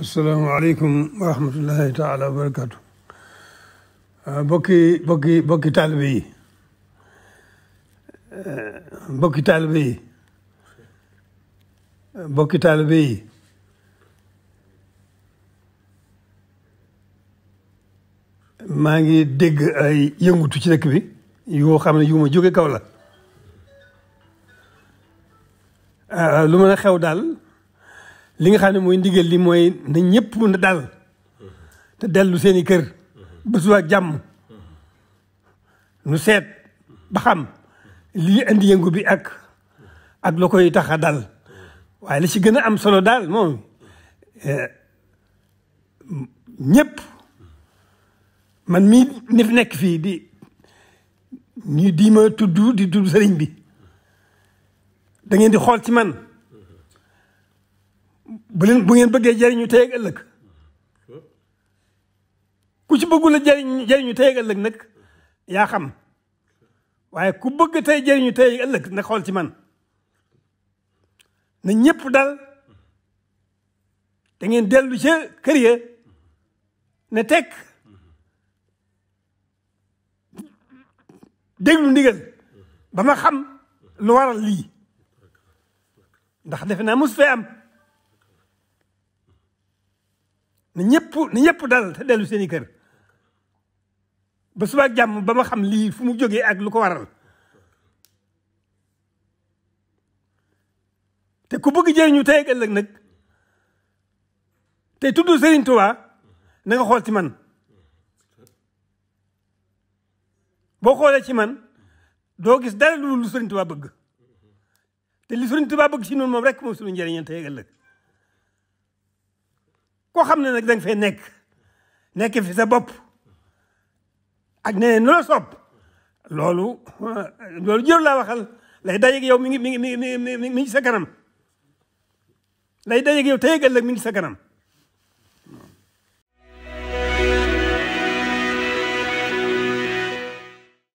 asalaamaaleykum wa rahmatullahi taala wa barakaatu ah, bokki bokki bokki taalibe eh, bokki taalibe maa ngi dégg ay yëngutu ci dëkk bi yoo xam ne yu ma jóge kaw la ah, lu mën a xew daal li nga xam ne mooy ndigal li mooy na ñëpp na dal te dellu seen i kër ba suba jàmm nu seet ba xam lii indi yëngu bi ak ak la koy tax a dal waaye li ci gën a am solo daal moom eh, ñépp man mii fi nekk fii di ñu diima tudd di tudd sëriñ bi da ngeen di xool ci man bu leen bu ngeen bëggee jariñu tey ëllëg ku ci bëggula jariñ jariñu tey ak ëllëg nag yaa xam waaye ku bëgg tey jariñu tey ak ëllëg na xool ci man na ñépp dal da ngeen dellu ca kër ya ne tekk déglu ndigal ba ma xam lu waral lii ndax defe naa mos fee am na ñëpp na ñëpp dal te dellu seen i kër ba suba ak jàmm ba ma xam lii fu mu jógee ak lu ko waral te ku bëgg jëriñu tey ak ëllëg nag te tudd Serigne Touba na xool ci man boo xoolee ci man doo gis dara lu Serigne Touba bëgg te li Serigne Touba bëgg si noonu moom rek moom suñu njëriñal tey ak ëllëg koo xam ne nag danga fay nekk nekk fi sa bopp ak ne na la loolu loolu jër laa waxal lay dajeeg yow mi ngi mi ngi mi ngi mi ngi sa kanam lay dajeeg yow tey ëllëg mi ngi sa kanam